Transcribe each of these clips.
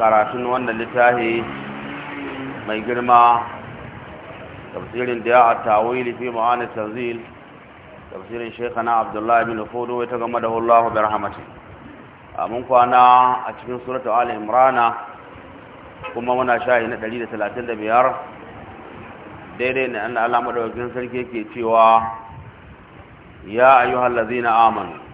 karatun wannan littafi mai girma tafsirin da ya a tawili fi ma'anin tanzil tafsirin shekana abdullahi bin fudu wata game da hullahu da rahamati a mun kwana a cikin suratu ali imrana kuma muna shahi na 135 daidai ne an da alamu sarki ke cewa ya na amanu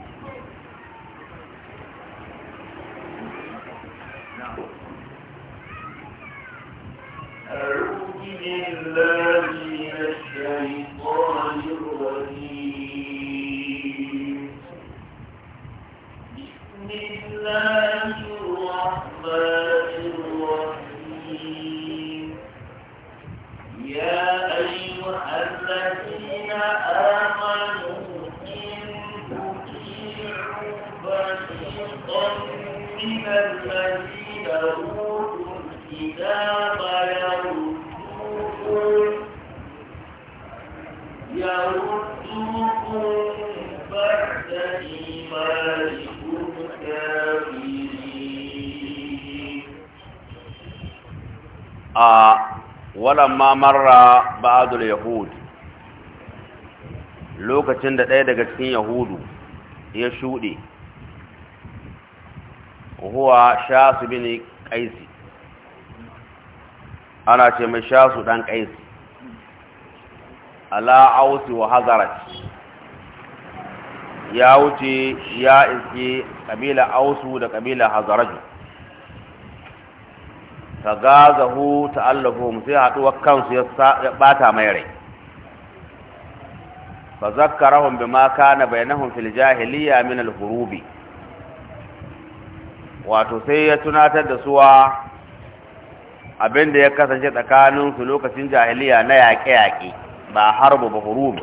a walamma marra ba'dul yahud lokacin da ɗaya daga cikin yahudu ya shuɗe huwa shasu bin qaisi ana ce mai shasu dan qaisi ala ausi wa hazarat ya wuce ya iske kabila ausu da kabila hazaraju ta gazahu ta'allafuhum sai haɗuwar kansu ya ɓata mai rai fa zakkarahum bima kana bainahum fil jahiliya min al hurubi wato sai ya tunatar da suwa abinda ya kasance tsakaninsu lokacin jahiliya na yaƙe-yaƙe ba harbu ba hurubi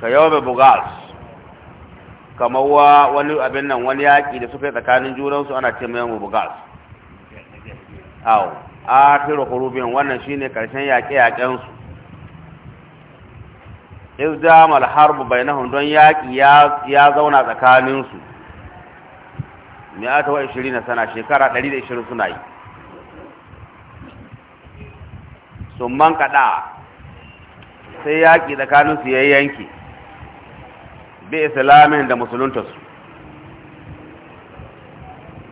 ka yau bugas kamar wa wani abin nan wani yaƙi da suka yi tsakanin junansu ana ce mayan awo a firo kurubin wannan shine karshen yaƙe-yaƙen su izdam al-harb bainahum don yaƙi ya zauna tsakanin su mi'ata wa 20 sana shekara 120 suna yi sun man kada sai yaƙi tsakanin su yayi yanki bi islamin da musuluntarsu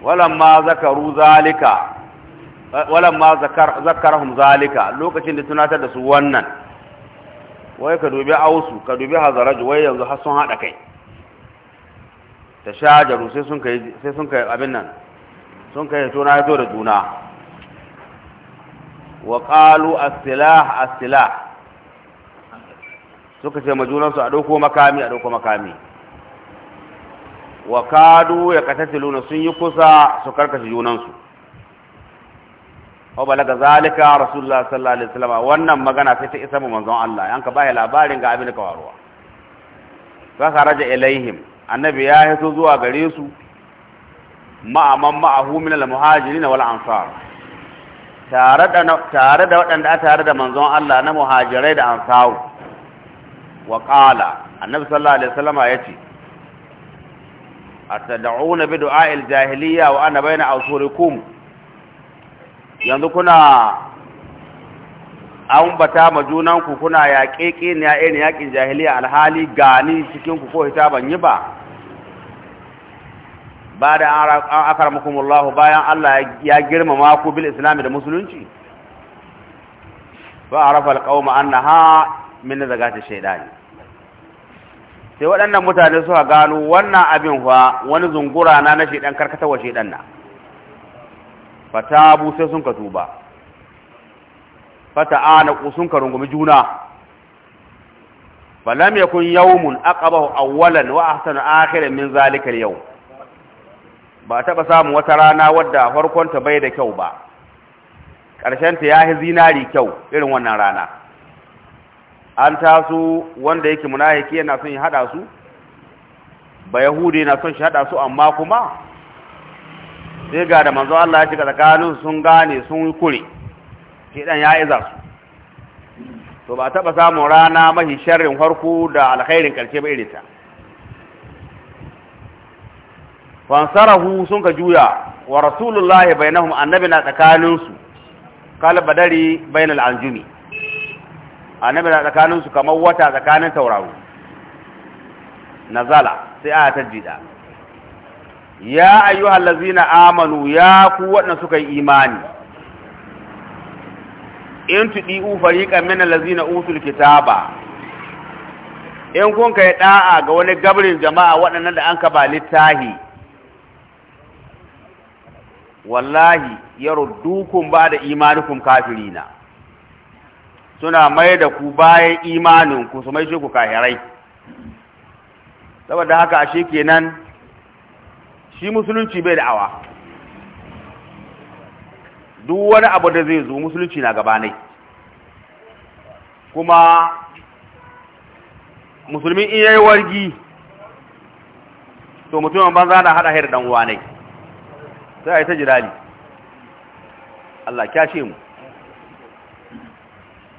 walamma zakaru zalika ma zakar zakarahum zalika lokacin da tunatar da su wannan wai ka dubi ausu ka dubi hazaraju wai yanzu har sun hada kai ta shajaru sai sun kai sai sun kai abin nan sun kai to na to da juna wa qalu as-silah as-silah suka ce majunansu a ɗauko makami a ɗauko makami wa kadu ya katatiluna sun yi kusa su karkashe junansu wa balaga zalika rasulullah sallallahu alaihi wasallam wannan magana sai ta isa mu manzon Allah an ka bai labarin ga abin da ka waruwa fa kharaja ilaihim annabi ya hito zuwa gare su ma'aman ma'ahu min al-muhajirin wal ansar tare da tare da waɗanda a tare da manzon Allah na muhajirai da ansaru wa qala annabi sallallahu alaihi wasallam yace atad'una bi du'a'il jahiliya wa ana baina kum yanzu kuna an bata ma junanku kuna yaƙeƙe ne ya eh, ne yaƙin jahiliya alhali gani cikin ku ko hita ban yi ba ba da an bayan Allah ya girmama ku bil islami da musulunci ba a rafa alƙawma annaha min zagata shaidani sai waɗannan mutane suka gano wannan abin fa wani zungura na na shedan wa shedan na abu sai sun ka tuba fata'anaku sun ka rungumi juna falam yakun yawmun aqabahu awwalan wa ahsana akhiran min zalika al-yawm ba taba samu wata rana wadda farkon ta bai da kyau ba karshen ta yahi zinari kyau irin wannan rana an taso wanda yake munafiki yana son ya hada su ba yahudi na son shi hada su amma kuma sai ga da manzo Allah ya shiga tsakanin sun gane sun kure dan ya iza su to ba taba samun rana mahi sharrin farko da alkhairin karshe ba irin ta fansarahu sun ka juya wa rasulullahi bainahum annabi na tsakaninsu kal badari bainal anjumi annabi na tsakanin su kamar wata tsakanin tauraro nazala sai aya ta jida ya ayyuhal ladzina amanu ya ku waɗanda suka yi imani in tudi'u fariqan min allazina utul kitaba in kun kai ɗa'a ga wani gabrin jama'a waɗannan da an ka ba littahi wallahi yaruddukum ba da imanukum kafirina suna mai da ku bayan imanin ku su mai shi ku kahirai saboda haka ashe kenan shi musulunci bai da awa duk wani abu da zai zo musulunci na gabanai kuma musulmi in yayi wargi to mutumin banza na haɗa hayar dan uwa ne sai yi ta jirali Allah kyashe mu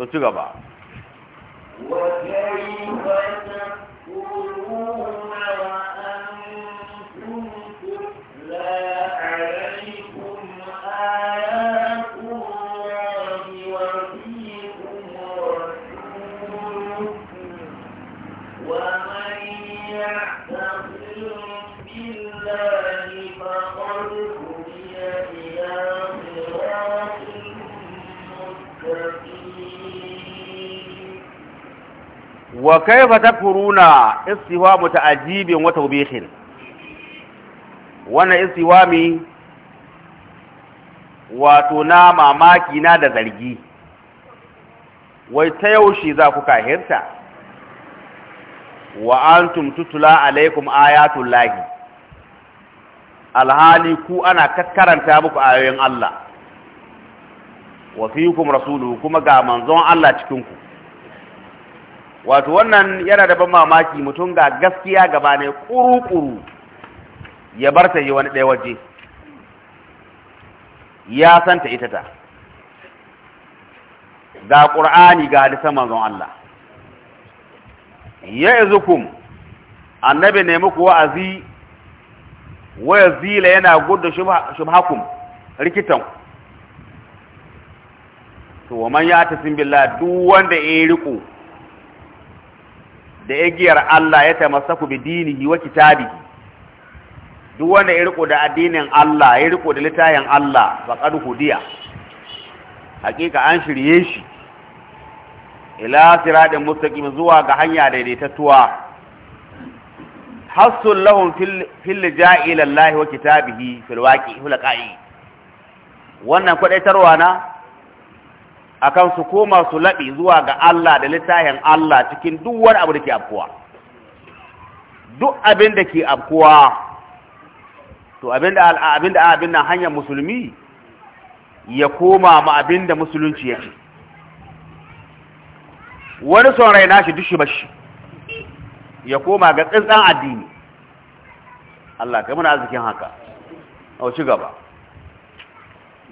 to ci gaba wa kayfa taquluna wa wa kaifa takfuruna istiwa muta'ajibin wa tawbihin wannan mi wato na mamaki na da zargi wai ta yaushe za ku kahirta wa antum tutula alaikum ayatul lahi alhali ku ana kaskaranta muku ayoyin Allah wa fiikum rasuluhu kuma ga manzon Allah cikinku. wato wannan yana da ban mamaki mutum ga gaskiya gaba ne kuru-kuru ya bar ta yi wani ɗaya waje ya santa ita ta ga ƙur'ani ga hadisan manzon Allah ya izukum annabi ne muku wa'azi waya zila yana gudu shubhakum rikitan to man ya tasim billah duk wanda ya riko da igiyar Allah ya ku bi dinihi wa kitabihi duk wanda ya riko da addinin Allah ya riko da litayin Allah faqad hudiya hakika an shirye shi ila siratin mustaqim zuwa ga hanya daidaitatuwa hassun lahum fil fil ila Allah wa kitabihi fil waqi fil qa'i wannan kwadaitarwa na akan su koma su laɓi zuwa ga Allah da littafin Allah cikin duk wani abu da ke afkuwa duk abin da ke afkuwa to abin da abin da abin nan hanyar musulmi ya koma ma abin da musulunci ya wani son rai nashi dushi bashi ya koma ga tsantsan addini Allah kai muna arzikin haka au ci gaba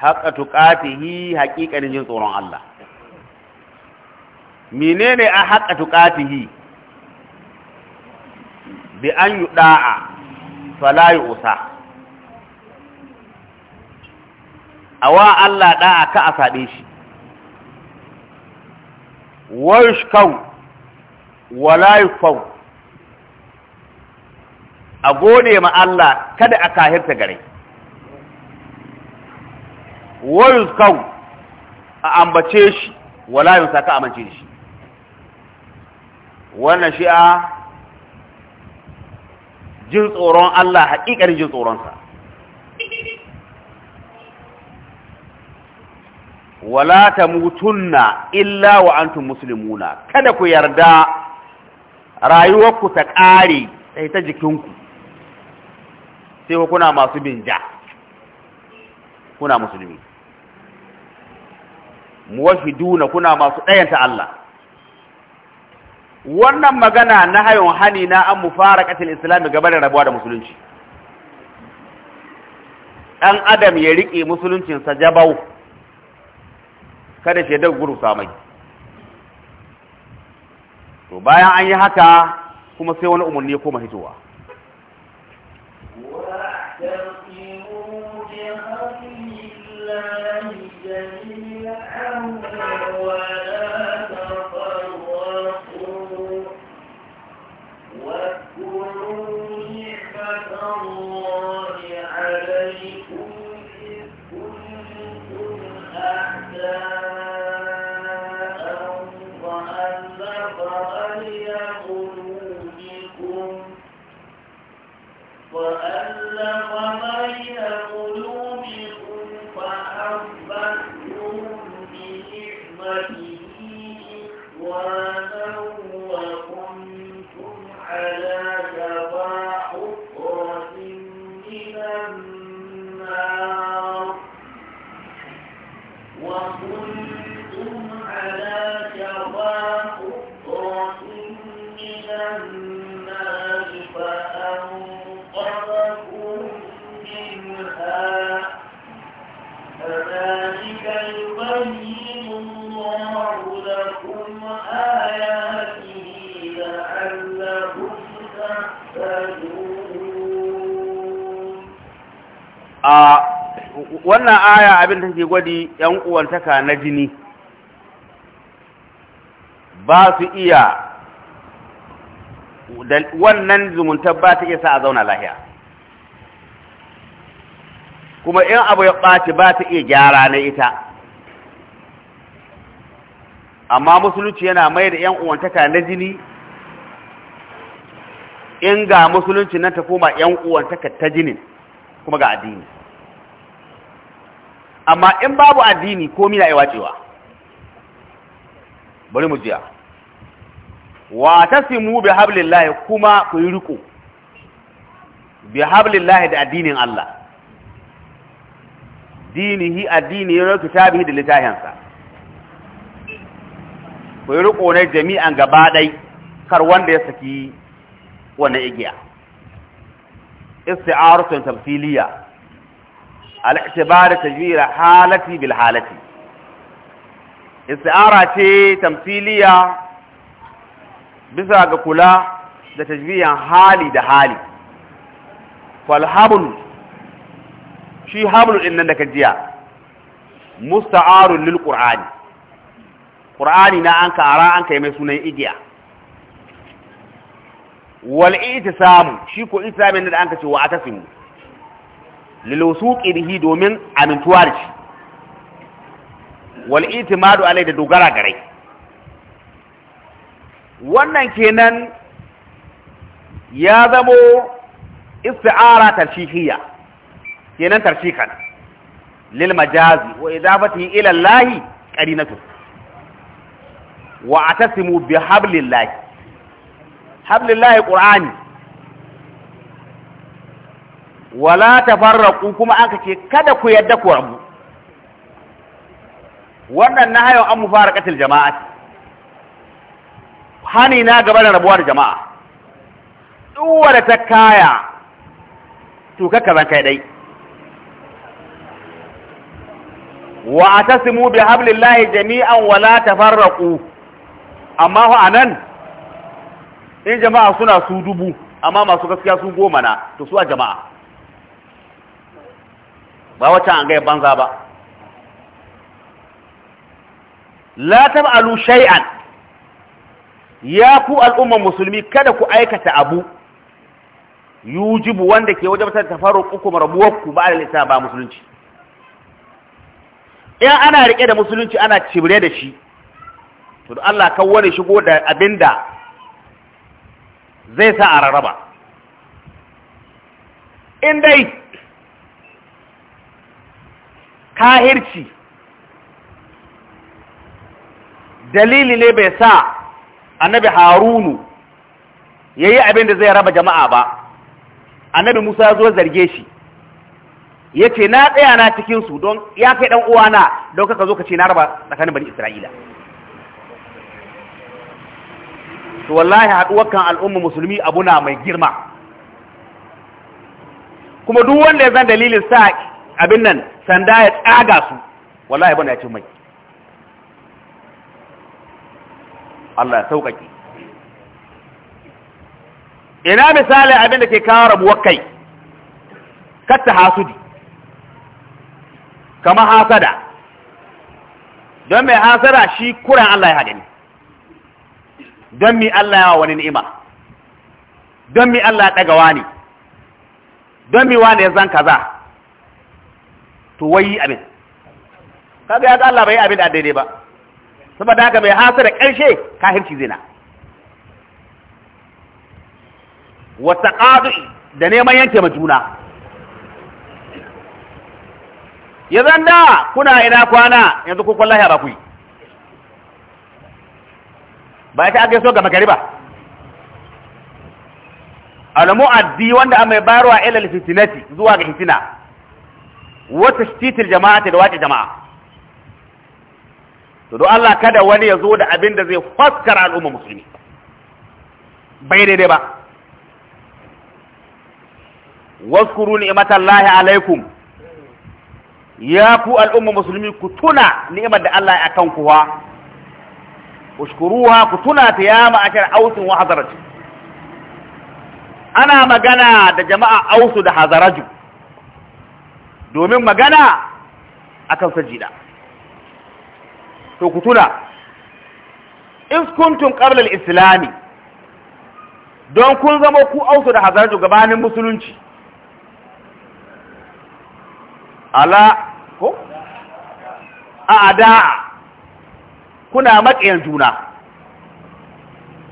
haƙa tuƙatihi haƙiƙanin jin tsoron Allah menene a haƙa tuƙatihi bi an yi ɗa'a falayi usa a wa Allah ɗa'a ka a saɗe shi warshkau walayi fau a gode ma Allah kada a kahirta gare wa a ambace shi wala yunsa ka amince shi wannan shi'a jin tsoron Allah haƙiƙarin jin tsoronsa wala ta mutunna illa wa antum muslimuna kada ku yarda rayuwarku ta ƙare sai ta jikinku sai kuna masu bin ja kuna musulmi muwahiduna kuna masu ɗayanta Allah wannan magana na hayon hani na an mufaraqatil islam gaba da rabuwa da musulunci ɗan adam ya rike musuluncinsa sa jabau kada shi guru samai to bayan an yi haka kuma sai wani umarni ya koma hitowa wannan aya abin take ke gwadi ‘yan uwantaka na jini ba su iya wannan zumuntar ba ta iya sa a zauna lahiya kuma in abu ya ɓaci ba ta iya gyara na ita amma musulunci yana mai da 'yan uwantaka na jini in ga musulunci nan ta koma 'yan uwantaka ta jinin kuma ga addini amma in babu addini komi na wacewa bari mu jiya wa tasimu bi hablillahi kuma ku yi riko bi hablillahi da addinin Allah dinihi addini ne kitabihi da litahinsa ku yi riko ne jami'an gaba dai kar wanda ya saki wannan igiya isti'aratun tafsiliya al'itibar tajwira halati bil halati isti'ara ce tamsiliya bisa ga kula da tajwiyan hali da hali falhabul shi hablul din nan da kajiya musta'arun lil qur'ani qur'ani na an kara an mai sunan igiya shi ko wa lilusuqi bihi domin amintuwa da shi wal itimadu alai da dogara gare wannan kenan ya zamo isti'ara tarshihiyya kenan tarshikan lil majazi wa idafatihi ila Allah qarinatu wa atasimu bi hablillahi hablillahi qur'ani wala ta tafarraqu kuma aka ce kada ku yadda ku rabu wannan na hayo an mu fara katil jama'a hani na gaba da rabuwa da jama'a duwa da ta kaya to kaka zan kai dai wa atasimu bi hablillahi jami'an wala ta ku amma a anan in jama'a suna su dubu amma masu gaskiya su goma na to su a jama'a ba wacce an gaya banza ba la tab'alu shay'an ya ku al'ummar musulmi kada ku aikata abu yujibu wanda ke wajabtar tafarruqukum ku ba alisa ba musulunci in ana rike da musulunci ana cibire da shi to Allah kan wani shigo da abinda zai sa a rarraba in dai kahirci dalili ne bai sa annabi harunu ya yi abin da zai raba jama'a ba annabi musa ya zo zarge shi ya ce na tsaya na cikinsu don ya kai ɗan uwana don kaka zo ka ce na raba tsakanin bani isra'ila Su wallahi haɗuwar kan al'umma musulmi abu na mai girma kuma duk wanda ya zan dalilin sa abin nan sanda ya tsaga su wallahi bana ya ce mai Allah ya sauƙaƙe ina misali abin da ke kawo rabuwar kai katta hasudi kama hasada don mai hasada shi kuran Allah ya gani don mi Allah ya wani ni'ima don mi Allah ya ɗagawa ne don mi wani ya zan kaza to wai abin kaga ya ga Allah bai abin da daidai ba saboda haka mai hasa da ƙarshe kafirci zina wa taqadu da neman yanke ma juna ya zanda kuna ina kwana yanzu ku kullahi ba ku yi ba ta aka so ga magariba al mu'addi wanda amai bayarwa ila al fitnati zuwa ga fitina wa tashtitil jama'ati da wata jama'a to don Allah kada wani ya zo da abin da zai faskara al'umma musulmi bai daidai ba waskuru ni'matallahi alaikum ya ku al'umma musulmi ku tuna ni'imar da Allah ya akan kuwa ushkuruha ku tuna ta ya ma'akar ausin wa hazaratu ana magana da jama'a ausu da hazaraju domin magana akan sajida to ku tuna in kuntum islami don kun zama ku auto da hazarju gabanin musulunci ala ko a'da kuna maƙiyan juna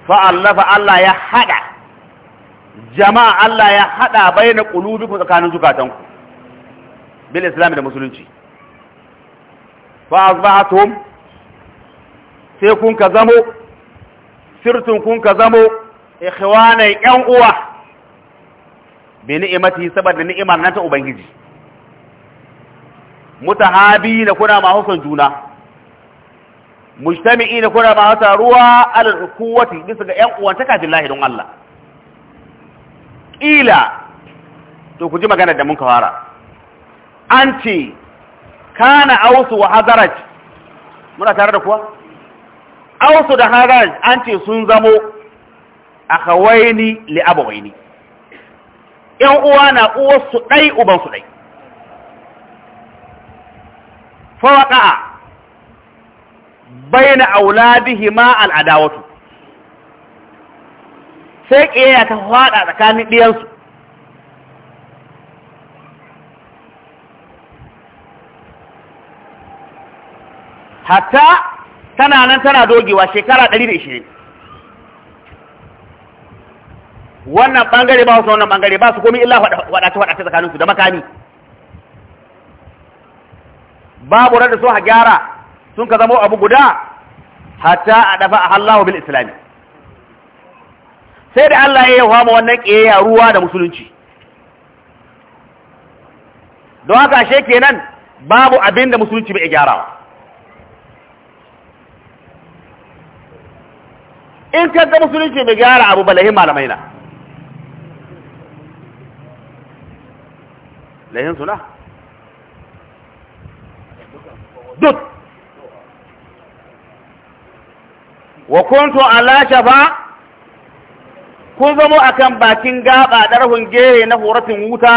Fa Allah ya hada jama'a Allah ya hada bayan ku tsakanin zukatanku bil islam da musulunci fa asba'atum sai kun ka zamo sirtun kun ka zamo ikhwana yan uwa bi ni'imati saboda ni'imar nan ta ubangiji mutahabi da kuna ma hukun juna mujtami'i da kuna ma taruwa al kuwati bisa ga yan uwan ta billahi don Allah kila to ku ji magana da mun ka fara an ce kana ausu wa hazaraj muna tare da kuwa ausu da hazaraj an sun zamo a hawaini abawaini ‘yan uwa na uwarsu ɗai ubansu ɗai fawaƙa bai na auladihi ma al'adawatu sai ƙiyayya ta faɗa tsakanin ɗiyansu hatta tana nan tana dogewa shekara 120 wannan bangare ba su wannan bangare ba su komi illa wadace wadace tsakanin da makami babu da su ha gyara sun ka zama abu guda hatta a dafa a hallahu bil islami sai da Allah ya yi wa wannan ƙeya ruwa da musulunci don haka shekenan kenan babu abin da musulunci bai gyarawa in ka ga musulunci mai gyara abu balahin malamai na lahin suna duk wa kuntu ala shafa kun zamo akan bakin gaba da rahun gere na huratin wuta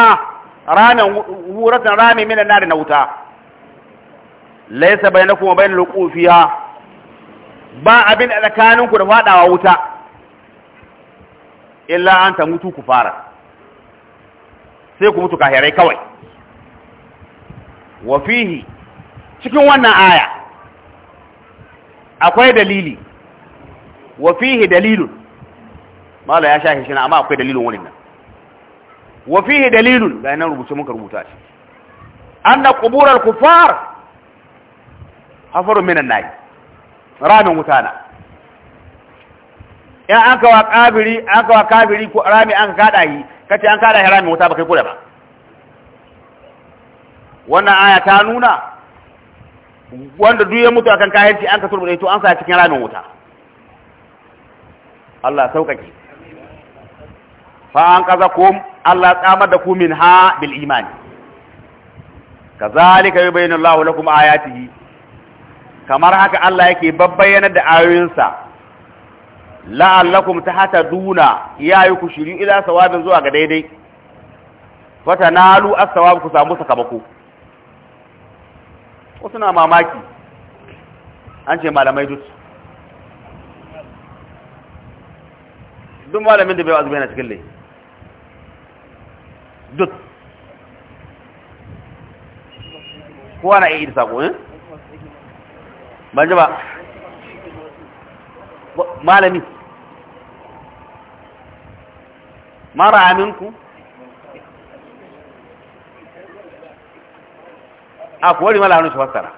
ramin horatin ramin mina na wuta laisa kuma bai na lukufiya ba abin a tsakaninku da fadawa wuta illa an ta mutu ku fara sai ku mutu kahirai kawai wa fihi cikin wannan aya akwai dalili wa fihi dalilun mala ya shahi shi na amma akwai dalilun wani nan wa fihi dalilun ga nan rubuce muka rubuta shi anna quburul kufar hafarun minan nayi ramin wuta na in an kawa kabiri an kawa kabiri ko rami an kada yi kace an kada ramin wuta ba kai kula ba wannan aya ta nuna wanda duk ya mutu akan kayanci an ka turbude to an sa cikin ramin wuta Allah saukake fa an qazakum Allah tsamar da ku min ha bil imani kazalika yubayyinu Allahu lakum ayatihi kamar haka Allah yake babbayyana da ayoyinsa la'allakum tahtaduna yayi ku shiri ila sawabin zuwa ga daidai fatanalu as-sawab ku samu sakamako wasu na mamaki an ce malamai duk duk malamin da bai azumi na cikin lai duk kowa na iya yi da sako eh ban ji ba malami mara aminku a kuwa rimala hannun shi fassara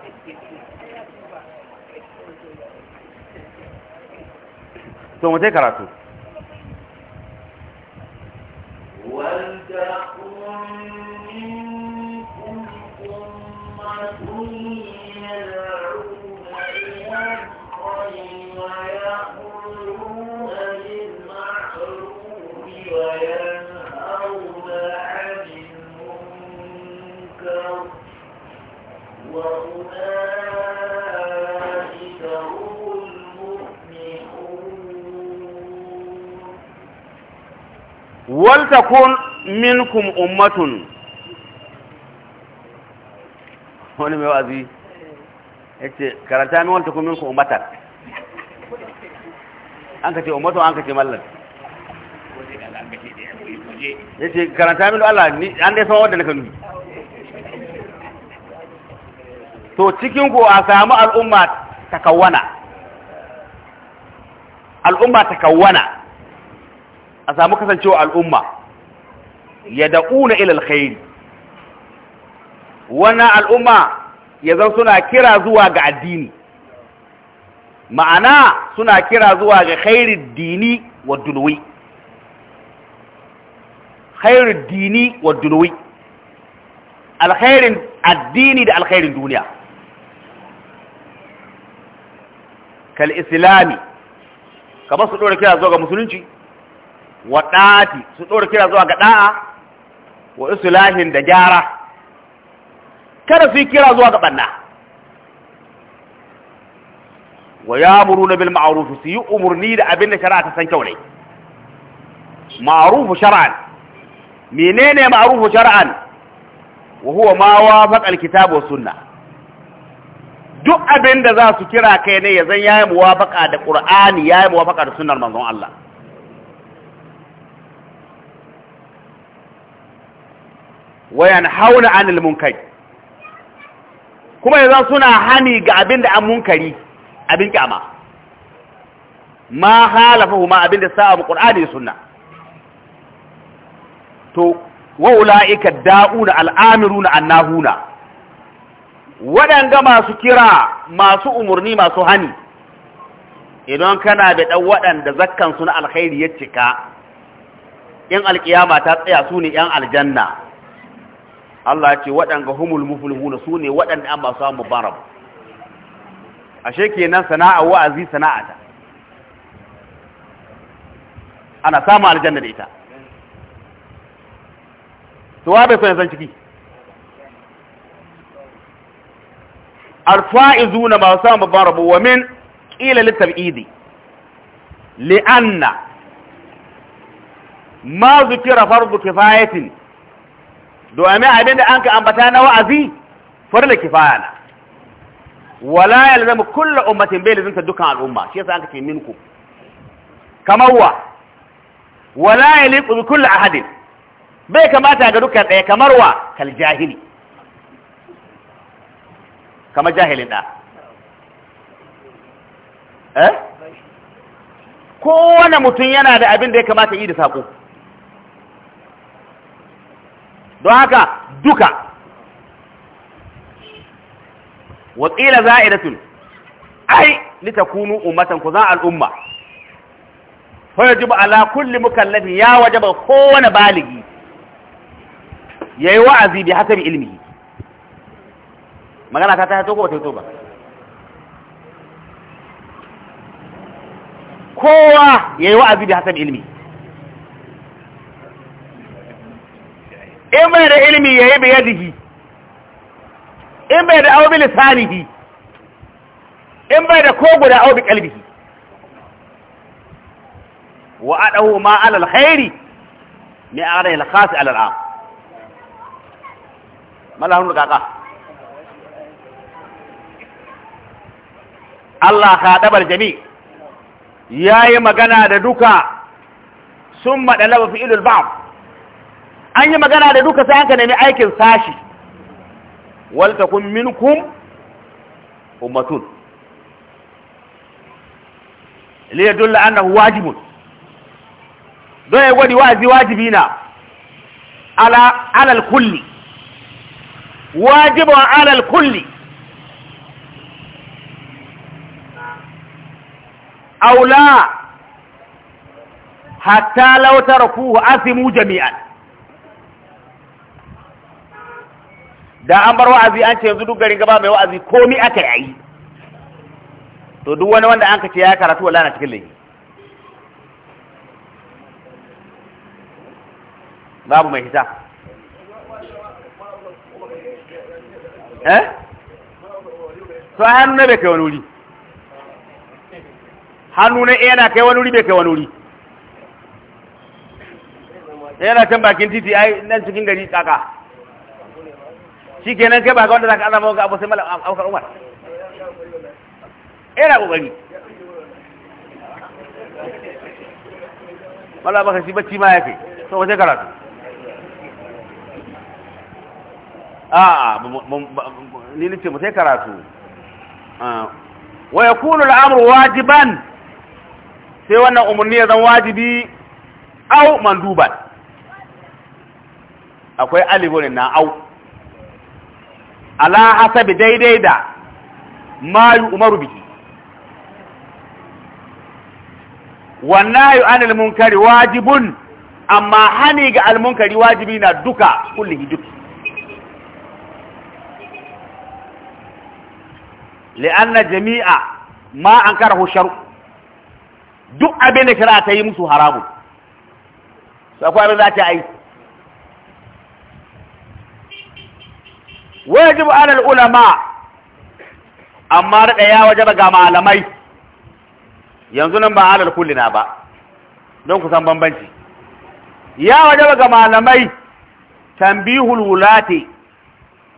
to mutai karatu وأولئك هم المفلحون ولتكن منكم أمة wani mai wazi ya ce karanta min wanta kuma an ka ce an ka ce mallar ya ce karanta an dai kanu to cikin ku a samu al'umma ta kawwana al'umma ta kawwana a samu kasancewa al'umma ya da'una ila alkhairi wannan al'umma ya zan suna kira zuwa ga addini ma'ana suna kira zuwa ga khairin dini wa dulwi khairin dini wa dulwi alkhairin addini da alkhairin duniya kal islami kamar su ɗora kira zuwa ga musulunci wa da'ati su ɗora kira zuwa ga ɗa'a. wa islahin da gyara kada su yi kira zuwa ga ɓanna. wa ya ya'muruna bil ma'ruf su yi umurni da abin da shari'a ta san kyau ne ma'rufu shar'an menene ma'rufu shar'an wa huwa ma wafaqa al-kitab duk abin da za su kira kai ne ya zan yayi muwafaka da ya yayi muwafaka da sunar manzon Allah wayan hauna anil munkari kuma ya zan suna hani ga abin da an munkari abin kyama ma halafahu ma abin da sa'a mu Qur'ani sunna to wa ulaika da'una al'amiruna annahuna waɗanga masu kira masu umarni masu hani idan kana da ɗan waɗanda zakkansu na alkhairi ya cika in alkiyama ta tsaya su ne ‘yan aljanna Allah ce waɗanga humul mufulhuna su ne waɗanda an masu samu barab ashe kenan sana'a wa'azi ta, ana samun aljanna da ita tuwa wa bai son ciki alfa'izuna ba samun babban rabuwa wa min ƙila littab'idi li'anna ma zukira fardu kifayatin domin abin da an ka ambata na wa'azi farla kifaya na wala ya zama kulla ummatin bai lazimta dukkan al'umma shi yasa an ka ce minku kamar wa wala yaliqu bi a hadin bai kamata ga dukkan ɗaya kamar wa kal jahili kamar jahilin da eh kowane mutum yana da abin da ya kamata yi da saƙo, don haka duka za watsila za'idatun ai kunu ummatan ku za al'umma fa yajibu ala kulli mukallafin ya ba kowane baligi yayi wa'azi bi hasabi ilmihi magana ta ta to ko ta to ba kowa yayi wa'azi bi hasabi ilmi in bai da ilmi yayi bi yadihi in bai da awu bi lisanihi in bai da ko guda awu bi qalbihi wa adahu ma ala alkhairi ni ala alkhasi ala alam malahun kaka Allah ka khadabar jami yi magana da duka sun madalaba fi ilul ba'd an yi magana da duka sai aka nemi aikin sashi wal kun minkum ummatun li yadulla annahu wajibun don ya gwadi wa'azi wajibi na ala alal kulli Wajibin alal kulli aula hatta law kuhu asimu jami'an da an bar wa'azi an ce yanzu duk garin gaba mai wa'azi komi aka yi. to duk wani wanda an ka ya karatu wala na cikin laifi babu mai hita eh to an nabe kai wani wuri hannu na yana kai wani wuri bai kai wani wuri yana can bakin titi ai nan cikin gari kaka shi kenan kai ba ga wanda zaka ka azama ga abu sai mala aukar umar yana kokari mala abubakar shi bacci ma ya kai to wace karatu a'a ni ce mu sai karatu ah, wa yakunu al-amru wajiban sai wannan umarni ya zan wajibi au manduban akwai alibonin na au ala hasabi daidai da mayu umaru biki wannan yi an almunkari wajibun amma hani ga almunkari wajibi na duka kullihi li'an li'anna jami'a ma an kara hushar duk abin da shari'a ta yi musu haramun su akwai abin za ta yi wajibu alal ulama amma da ya waje ga malamai yanzu nan ba alal kullina ba don ku san bambanci ya waje ga malamai tambihul wulati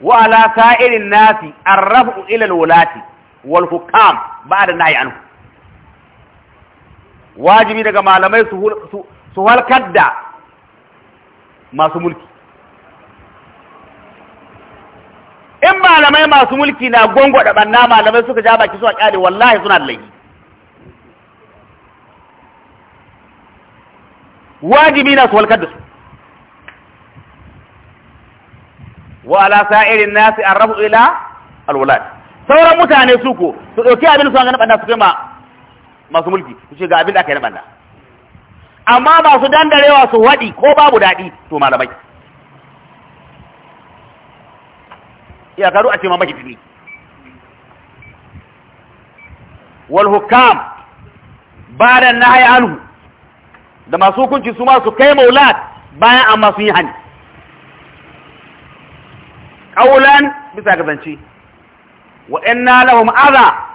wa ala sa'irin nasi arrafu ila al wulati wal hukam ba'da nahi anhu wajibi daga malamai su halkar da masu mulki in malamai masu mulki na gongo da banna malamai suka ja baki suwa kyale wallahi suna da laifi wajibi na su halkar da su wa alasa irin nasi rabu ila alwalad sauran mutane su ko su ɗauki abin su an ganin ɓanna su kai ma masu mulki su ce ga abin da aka yi na banda amma masu dandarewa su waɗi ko babu daɗi to malamai ya a ce ma maki tuni wal hukam na haya anhu da masu hukunci su ma su kai maulad bayan amma sun yi hani qaulan bisa ga zance wa inna lahum adha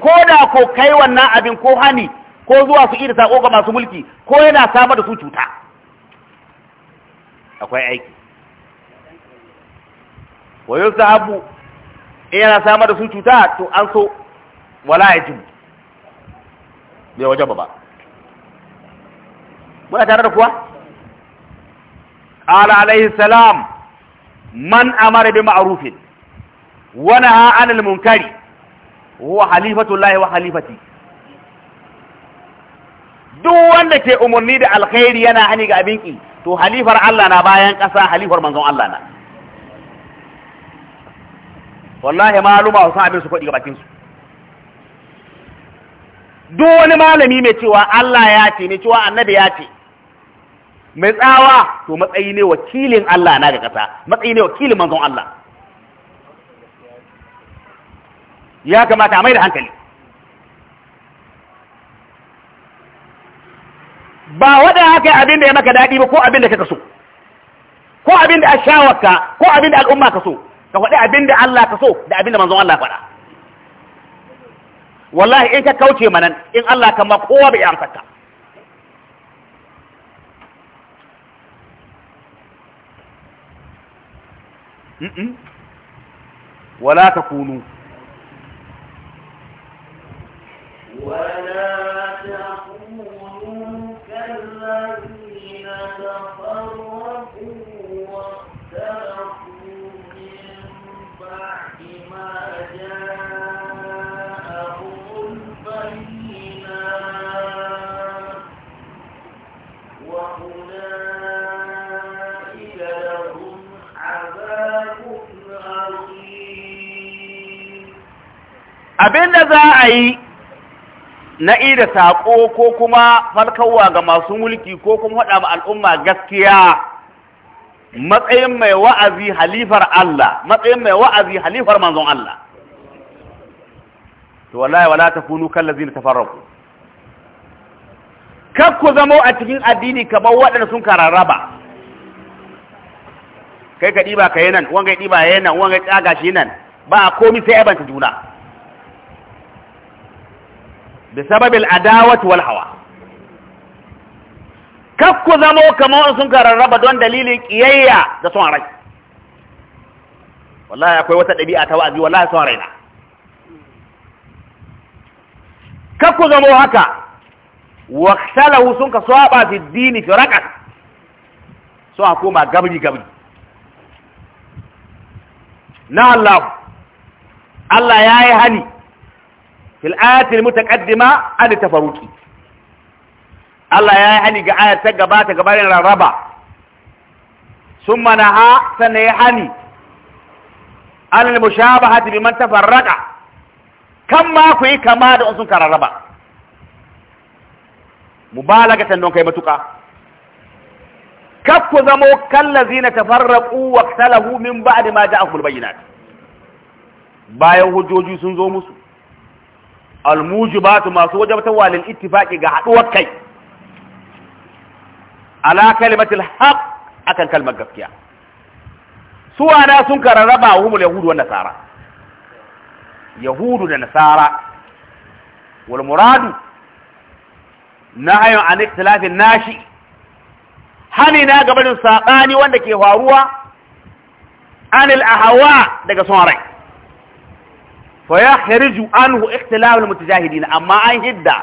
ko da ko kai wannan abin ko hani ko zuwa su iri sako ga masu mulki ko yana samar da su cuta akwai aiki wa yusahabu in yana samar da su cuta to an so wala yajib bai wajaba ba muna tare da kuwa ala alaihi salam man amara bi ma'rufin wa nahaa 'anil munkari wa halifatu lahi wa halifati duk wanda ke umarni da alkhairi yana hani ga abinki to halifar Allah na bayan ƙasa halifar manzon Allah na wallahi maluma su abin su faɗi ga bakin su duk wani malami mai cewa Allah ya ce mai cewa annabi ya ce mai tsawa to matsayi ne wakilin Allah na ga ƙasa matsayi ne wakilin manzon Allah ya kamata a mai da hankali ba waɗanda haka yi abin da ya maka daɗi ba ko abin da kaka so ko abin da a shawarka ko abin da al'umma ka so ka faɗi abin da Allah ka so da abin da manzon Allah faɗa wallahi in ka kauce manan in Allah ka ma kowa bai amsaka wala ta kunu abin da za a yi na ida saƙo ko kuma farkawa ga masu mulki ko kuma faɗa ma al'umma gaskiya matsayin mai wa'azi halifar Allah matsayin mai wa'azi halifar manzon Allah to wallahi wala takunu kallazina tafarraqu kar ku zamo a cikin addini kamar waɗanda sun kararraba kai ka ɗiba ka yi nan wanga ya ɗiba ya yi nan wanga ya tsaga shi nan ba a komi sai banta juna da sababil adawat wal hawa ku zamo kamo sun kararraba don dalilin kiyayya da son rai wallahi akwai wata ɗabi'a ta wa'azi wallahi son raina ku zamo haka waktalahu sun ka saba fi dini fi raƙas sun a koma gabri gabri na Allah Allah ya yi hani fil ayatil mutaqaddima an tafaruqi Allah ya yi hani ga ayar ta gabata gabarin rarraba sun manaha sannan ya hani alal mushabahati biman tafarraqa kan ma ku yi kama da sun kararraba mubalagatan don kai matuka kaf ku zamo kallazina tafarraqu wa ikhtalafu min a ma ja'ahumul bayyinat bayan hujjoji sun zo musu almujibatu masu wajabtarwa lil ittifaqi ga haduwar kai ala kalimatil haqq akan kalmar gaskiya su na sun kararraba humul yahudu wa nasara yahudu da nasara wal muradu nahayun an ikhtilafin nashi hani na gabanin sabani wanda ke faruwa anil ahawa daga sun rai fa ya khariju anhu ikhtilaf al-mutajahidin amma an hidda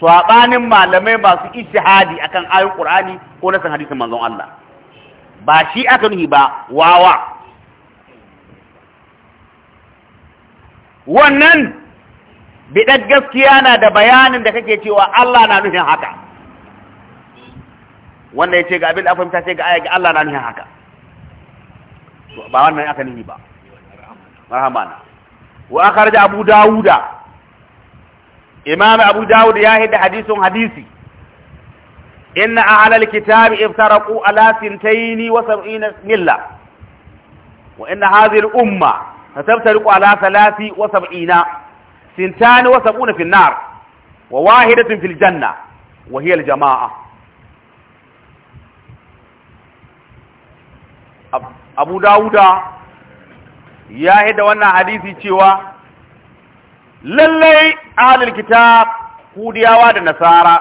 sabanin malamai masu ijtihadi akan ayoyin Qur'ani ko nasan hadisin manzon Allah ba shi aka nuhi ba wawa wannan bidar gaskiya na da bayanin da kake cewa Allah na nufin haka wanda ya ce ga abin da fahimta sai ga aya Allah na nufin haka ba wannan aka nuhi ba رحمان وأخرج أبو داوود إمام أبو داوود ياهد حديث حديثي إن أهل الكتاب افترقوا على سنتين وسبعين ملة وإن هذه الأمة ستفترق على ثلاث وسبعين سنتان وسبعون في النار وواحدة في الجنة وهي الجماعة أبو داوود ya da wannan hadisi cewa lallai ahlul kitab hudiyawa da nasara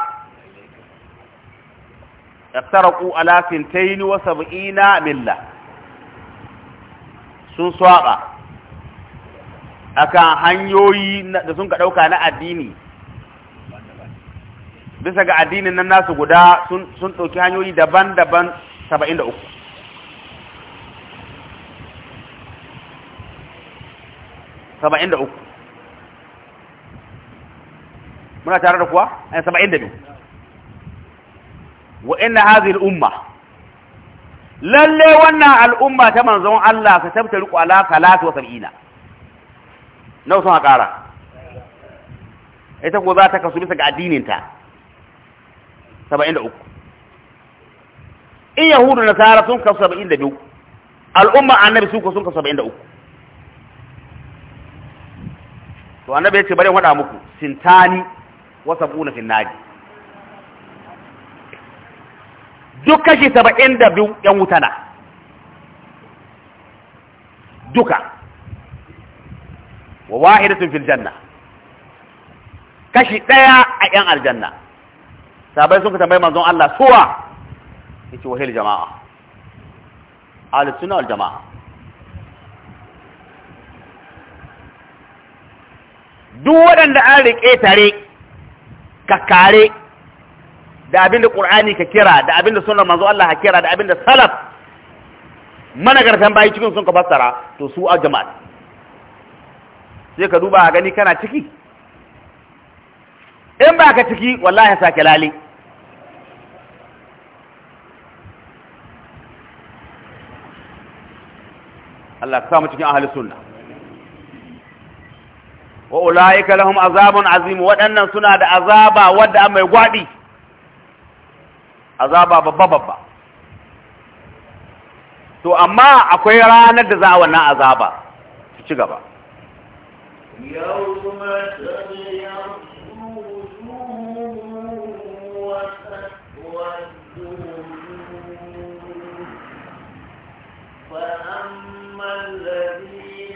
افترقوا على wa sab'ina ملة sun saba akan hanyoyi da sun ka ɗauka na addini bisa ga addinin nan nasu guda sun ɗauki hanyoyi daban-daban 73 سبعين دعو من أتعرض أخوة أنا سبعين دعو وإن هذه الأمة للي وانا الأمة تمن زمان الله كتبت لكم على ثلاث وسبعين نو سمع كارا إذا كنت ذاتك سبسك الدين انت سبعين دعو إن يهود نسارة سنك سبعين دعو الأمة عن نبي سنك سنك سبعين دعو to annabi yace bari wada muku sintani wa sabuna fil naji duk kashi 72 yan wutana duka wa wahidatun fil janna kashi daya a yan aljanna sabai sun ka tambayi manzon Allah suwa yace wahil jama'a ahlus sunna wal jama'a duk waɗanda an riƙe tare ka kare da abin da ƙur'ani ka kira da abin da sunan manzo Allah ka kira da abin da salaf managartan bayi cikin sun ka fassara to su a jama'a sai ka duba gani kana ciki in ba ka ciki wallahi sake lali Allah ka samu cikin ahli sunna wa ulaika lahum azabun azim waɗannan suna da azaba wadda mai gwadi azaba babba babba to amma akwai ranar da za a wannan azaba su ci gaba فأما الذين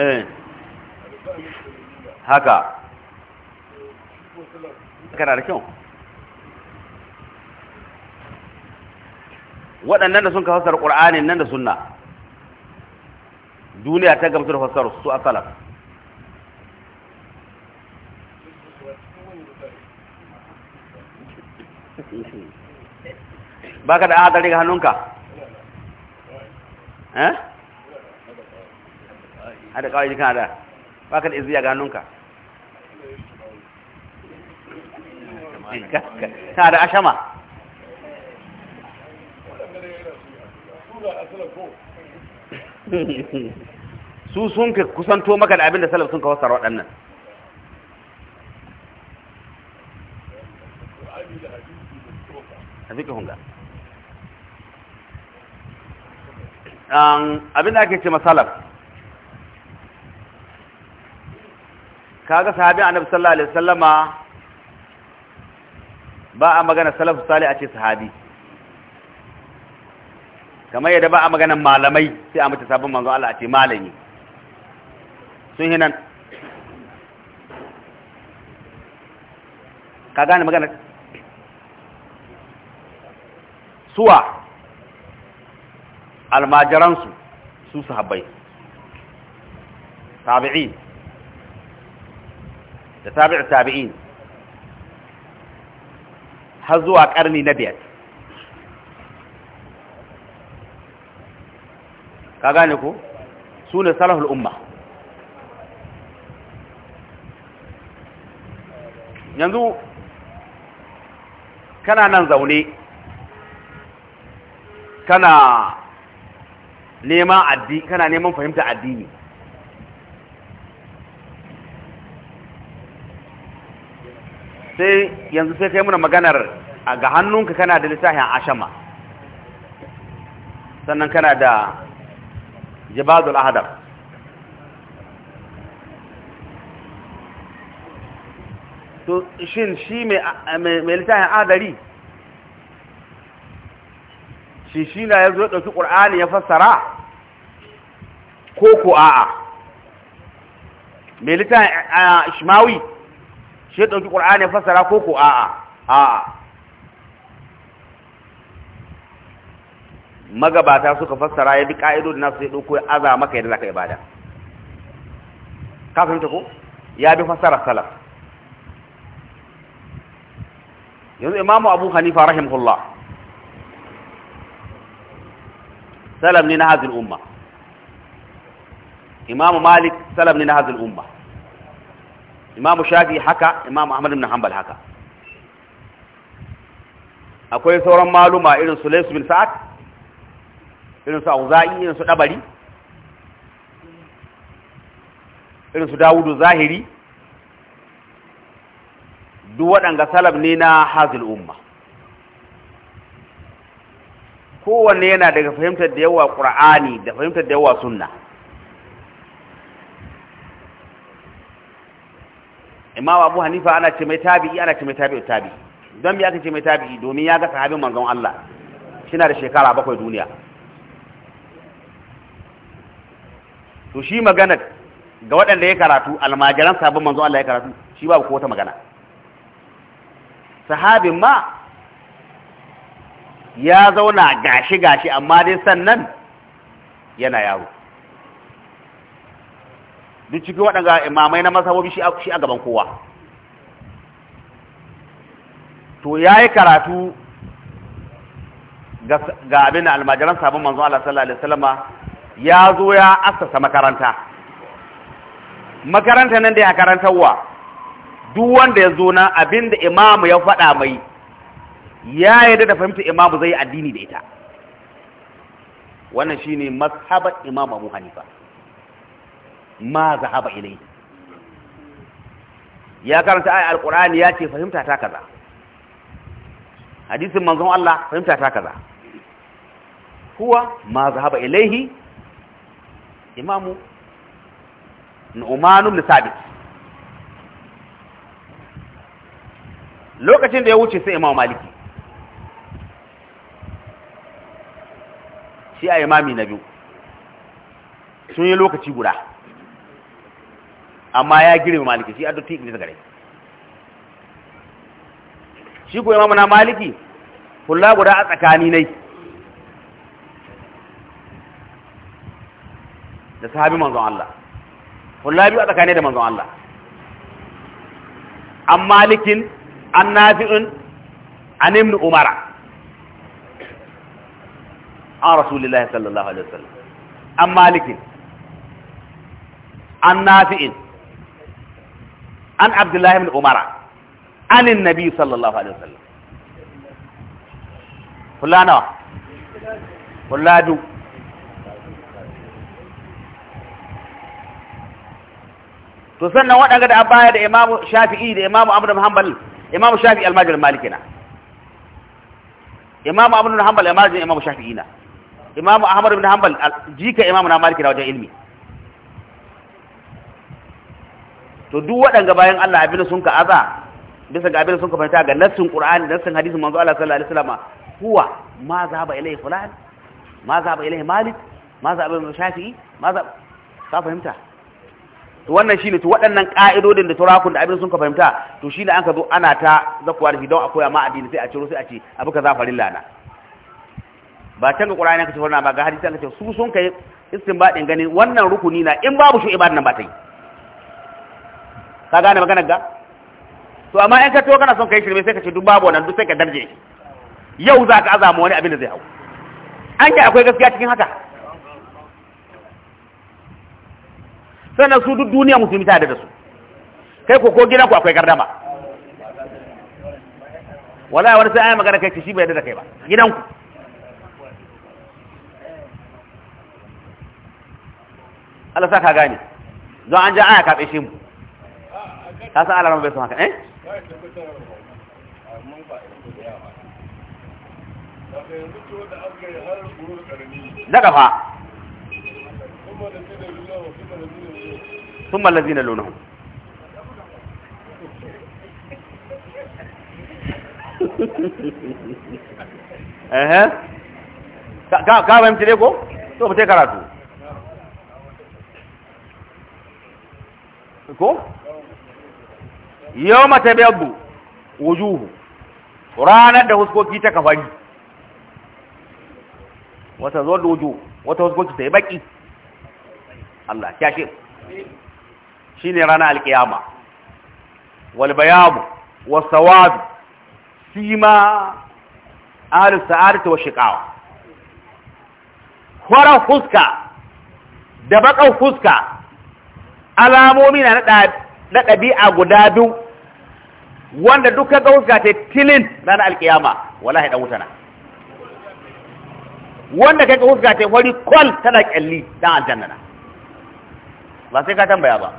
Eh. haka kana da kyau waɗannan da sun ka fassara ƙur'anin nan da sunna duniya ta gamsu da fassara su a salaf ka da adari ga hannunka kawai jikin da ba ka da izu ya ganunka kana da ashama su sun ka kusanto maka da abin da salaf sun ka wasara waɗannan a fiƙi hunga abin da ake ce masalaf kaga sahabi annabi sallallahu alaihi wasallama ba a magana salafus salih a ce sahabi kamar yadda ba a magana malamai sai a mutu sabon manzo Allah a ce malami sun hinan ka gane magana suwa almajiransu su sahabbai tabi'in da tabi'u tabi'in har zuwa karni na biyar ka gane ko su ne salahul umma yanzu kana nan zaune kana neman addini kana neman fahimta addini sai yanzu sai kai muna maganar ga hannunka kana da littafin ashama sannan kana da jibadul ahadar to shin shi mai littafin adari shi shi na ya zo ɗauki ƙur'ani ya fassara ko a'a mai littafin ishmawi shi ɗauki ƙur'ani fassara ko ko a'a a'a magabata suka fassara ya bi ƙa'ido da nasu ya ɗauko ya aza maka yadda zaka ibada ka fahimta ko ya bi fassara salaf yanzu imamu abu hanifa rahimahullah salam ne na hazin umma imamu malik salam ne na hazin umma imamu shafi haka imam ahmad ibn hanbal haka akwai sauran maluma irin su laisu bin sa'ad irin su auza'i irin su dabari irin su dawudu zahiri duk waɗanga salaf ne na hazil umma kowanne yana daga fahimtar da yawa ƙura'ani da fahimtar da yawa sunna imam abu hanifa ana ce mai tabi'i ana ce mai tabi'u tabi'i don me aka ce mai tabi'i domin ya ga sahabin manzon Allah shina da shekara bakwai duniya to shi magana ga waɗanda ya karatu almajiran sahabin manzon Allah ya karatu shi babu ko wata magana sahabin ma ya zauna gashi gashi amma dai sannan yana yawo duk cikin waɗanda imamai na masabobi shi a gaban kowa to ya yi karatu ga abin da almajiran sabon manzon Allah sallallahu alaihi wasallama ya zo ya asasa makaranta makaranta nan da ya karantarwa duk wanda ya zo na abin da imamu ya faɗa mai ya yi da fahimta imamu zai addini da ita wannan shine mazhabar imamu Abu Hanifa ma zahaba ilai ya karanta ayar alqur'ani ya ce fahimta ta kaza hadisin manzon Allah fahimta ta kaza huwa ma zahaba ilaihi imamu nu'man ibn sabit lokacin da ya wuce sai imamu maliki shi a imami na biyu sun yi lokaci guda amma ya girma maliki shi addu tiki gare shi ko imamu na maliki kula guda a tsakani nai da sahabi manzon Allah kula biyu a tsakani da manzon Allah an malikin an nafi'in an ibn umara an rasulullahi sallallahu alaihi wasallam an malikin an nafi'in an abdullahi ibn umara an annabi sallallahu alaihi wasallam kullana kulladu to sannan waɗanda da abaya da imamu shafi'i da imamu abu da hanbal imamu shafi'i almajir malikina imamu abu da hanbal almajir imamu shafi'i na imamu ahmad ibn hanbal jika imamu na malikina wajen ilmi to duk waɗanga bayan Allah abin sun ka aza bisa ga abin sun ka fahimta ga nassin Qur'ani nassin hadisi manzo Allah sallallahu alaihi wasallam huwa ma zaba ilai fulan ma zaba ilai malik ma zaba ibn shafi'i ma zaba ka fahimta to wannan shine to waɗannan ka'idodin da turakun da abin sun ka fahimta to shine an ka zo ana ta zakuwa da shi don akoya ma addini sai a ciro sai a ce abu kaza farin lana. ba can ga Qur'ani ka ci wannan ba ga hadisi ka ce su sun kai istinbadin gani wannan rukuni na in babu shu'ibad nan ba ta yi ka gane maganar ga to amma in ka to kana son kai shirme sai ka ce duk babu wannan duk sai ka darje yau za ka azama wani abin da zai hau an ke akwai gaskiya cikin haka sannan su duk duniya musulmi ta da su kai ko ko ku akwai gardama wallahi wani sai ayi magana kai shi bai da kai ba ku Allah sa ka gane don an ja aya ka tsaye mu ka san alama bai san haka eh na kafa ثم الذين لونهم ehe ka fahimci ne ko to ba karatu ko yau mata bebbu wujuhu ranar da huskoki ta kafari wata zo da wujuhu wata huskoki ta yi baki Allah kyashe shi ne ranar alkiyama walbayamu wasawabi sima ahalin sa'adata wa shiƙawa kwarar huska da baƙar huska alamomi na na na ɗabi'a guda biyu wanda duka ga wuska ta tilin ranar alkiyama wallahi dan na. wanda kai ga wuska ta wari kwal tana kyalli dan aljanna na ba sai ka tambaya ba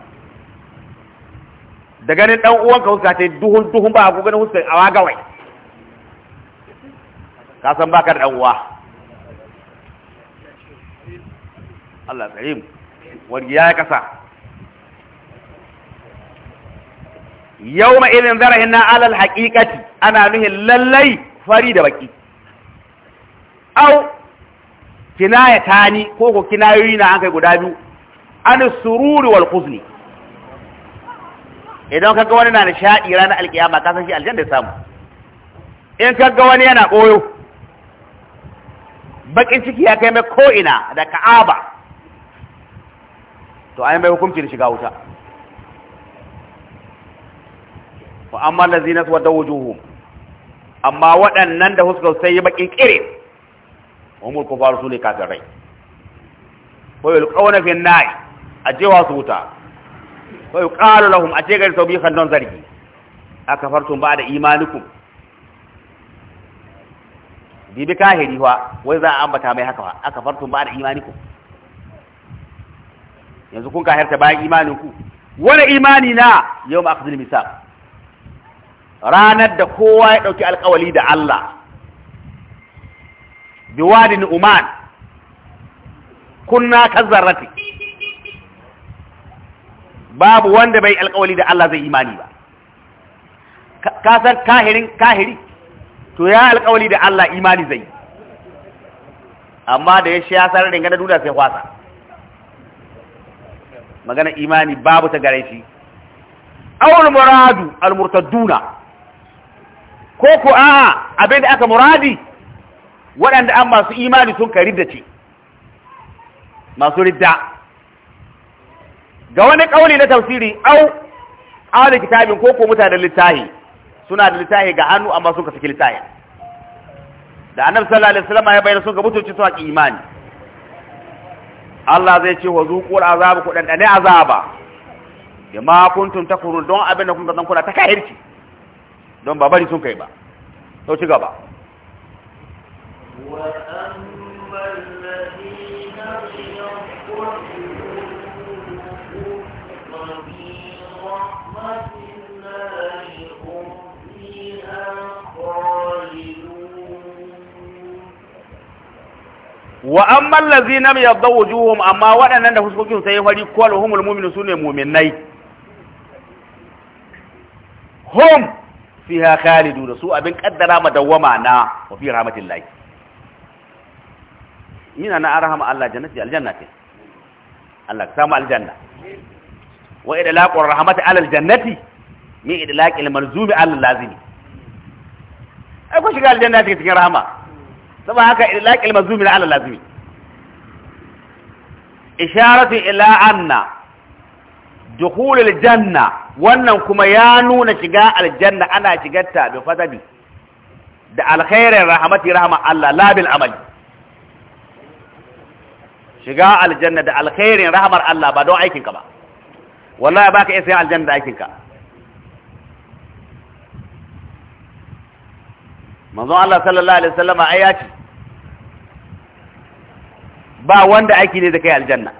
da ganin dan uwanka wuska ta duhun duhun ba ku ganin wuska a wagawai ka san baka da dan uwa Allah tsarim wani ya kasa yau ma irin zarahin na alal haƙiƙati ana nuhin lallai fari da baƙi au kina ya tani ko ko kinayoyi na an kai guda biyu an sururi wal kuzni idan kaga wani na nishaɗi ranar alkiyama ka san shi samu in kaga wani yana koyo. baƙin ciki ya kai mai ko'ina da ka'aba to an mai hukuncin shiga wuta fa amma allazina tawadda wujuhum amma waɗannan da huskar sai yi bakin kire umul kufaru su ne kafirai ko yul qawna fi na'i cewa su wuta ko yuqalu lahum aje gari sau biyu kan don zargi akafartum ba da imanikum bibi kahiri wa wai za a ambata mai haka akafartum ba da imanikum yanzu kun kahirta bayan imaninku wani imani na yau ma akhdhul misal. ranar da kowa ya ɗauki alkawali da Allah biwadin umar, kunna kan kazzarrati babu wanda bai alkawali da Allah zai imani ba ka san kahirin kahiri to ya alkawali da Allah imani zai amma da ya sha sarar dangane duda sai kwasa magana imani babu ta gare shi awul muradu al murtadduna ko ku a'a abin da aka muradi waɗanda an masu imani sun ka ridda ce masu ridda ga wani ƙauli na tafsiri au ahli kitabin ko ko mutane littahi suna da littahi ga hannu amma sun ka saki littahi da annabi sallallahu alaihi wasallam ya bayyana sun ka mutunci su haƙi imani Allah zai ce wa zuqul azab ku dan dane azaba bima kuntum takfurun don abin da kun ga zan kuna ta kahirci don ba bari sun kai ba to ci gaba wa amman lazina yadda wujuhum amma waɗannan da fuskokin sai fari kwal humul mu'minu sune mu'minai hum فيها خالد ورسو ابن قدر دوما نا وفي رحمه الله مين انا ارحم الله جنتي الجنه الله سما الجنه واذا لاقوا الرحمه على الجنه مين اذا لاق المرزوم على اللازم اكو شي قال الجنه تجي رحمه طبعا هكا اذا لاق المرزوم على اللازم اشاره الى ان دخول الجنه wannan kuma ya nuna shiga aljanna ana shigarta bi fadali da alkhairin rahamati rahma Allah labil amali shiga aljanna da alkhairin rahmar Allah ba don aikin ka ba wallahi baka isa aljanna da aikin ka manzon Allah sallallahu alaihi wasallama ai ya ce ba wanda aiki ne da kai aljanna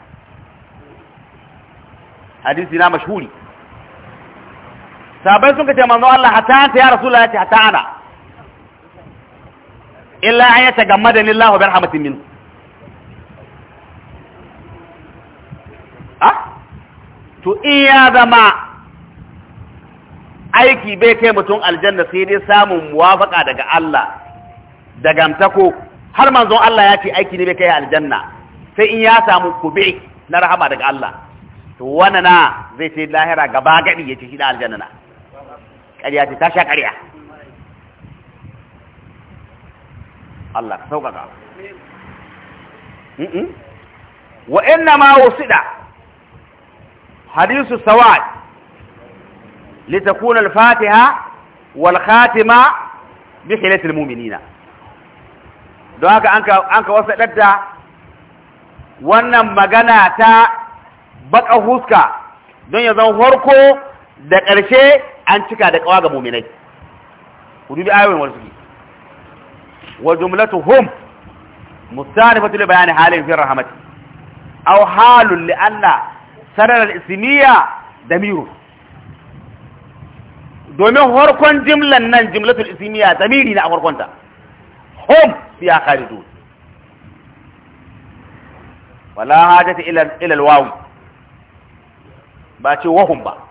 hadisi na mashhuri sabai sun kace manzo Allah hatta anta ya rasulullah ce hatta ana illa an yatagammadani Allah bi rahmatin min ah to in ya zama aiki bai kai mutum aljanna sai dai samun muwafaka daga Allah da gamtako har manzon Allah ya ce aiki ne bai kai aljanna sai in ya samu kube na rahama daga Allah to wannan na zai ce lahira gaba gadi ya ce shi da aljanna na ƙarya ce ta sha ƙarya Allah ka sauƙaƙa wa inna ma wusida hadisu sawad litakuna fatiha wal khatima bi hilatil mu'minina don haka an anka wasadar da wannan magana ta baka huska don ya zan farko da ƙarshe an cika da kawa ga mu'minai ku dubi ayoyin wani suke wa jumlatuhum mustanifatu li bayani halin fi rahmati aw halun li anna sarar al-ismiya damiru domin horkon jimlan nan jimlatul ismiya damiri na a horkonta hum fiya kharijun wala hajata ila ila al-waw ba ce wahum ba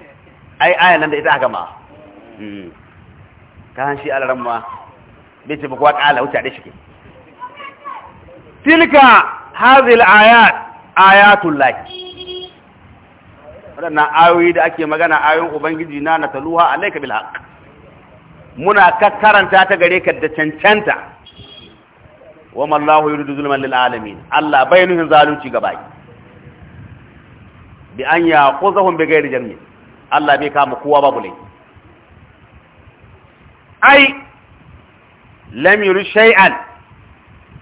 ai ayan nan da ita aka ma hmm. kan shi alaran ma bai ce bukwa kuwa wuce a ɗaya shike tilka hazil ayat ayatul lahi waɗannan ayoyi da ake magana ayoyin ubangiji na na taluha alaika bil haqq muna karanta ta gare ka da cancanta wa mallahu yuridu zulman lil alamin Allah bai zalunci gaba bi an yaquzahum bi ghairi jami'in Allah bai kama kowa babu laifi ai lam yuri shay'an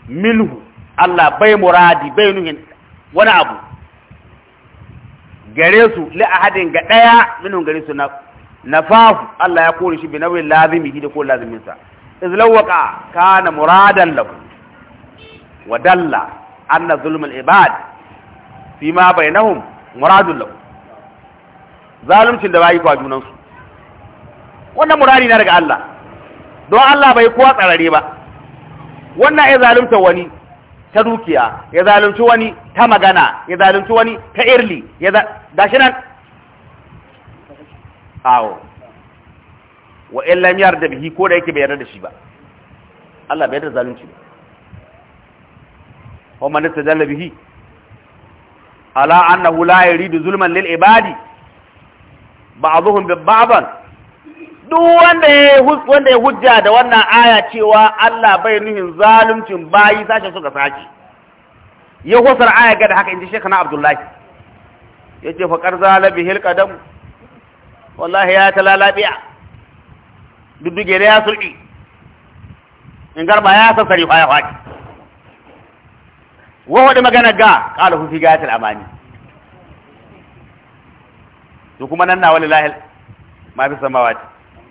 minhu Allah bai muradi bai nuhin wani abu gare su li ahadin ga daya minun gare su na nafahu Allah ya kore shi bi nawi lazimi da ko lazimin sa iz lawqa kana muradan lahu wa dalla anna zulmul ibad fima bainahum muradun lahu zaluncin da bayi kwa junansu wannan murari na daga Allah don Allah bai kowa tsarare ba wannan ya zalunta wani ta dukiya ya zalunci wani ta magana ya zalunci wani ta irli ya da shi nan awo wa illam yarda bihi ko da yake bai yarda da shi ba Allah bai yarda zalunci ba wa man tadalla bihi ala annahu la yuridu zulman lil ibadi ba'dhum bi ba'dan duk wanda ya wanda ya hujja da wannan aya cewa Allah bai nuhin zaluncin bayi sashen suka saki ya husar aya ga da haka inji shekana Abdullahi yace fa zala bihil qadam wallahi ya talalabiya dudduge da ya sulbi in garba ya sassari fa ya faɗi wa magana ga qala fi gatil amani to kuma nan na wani lahil ma fi samawati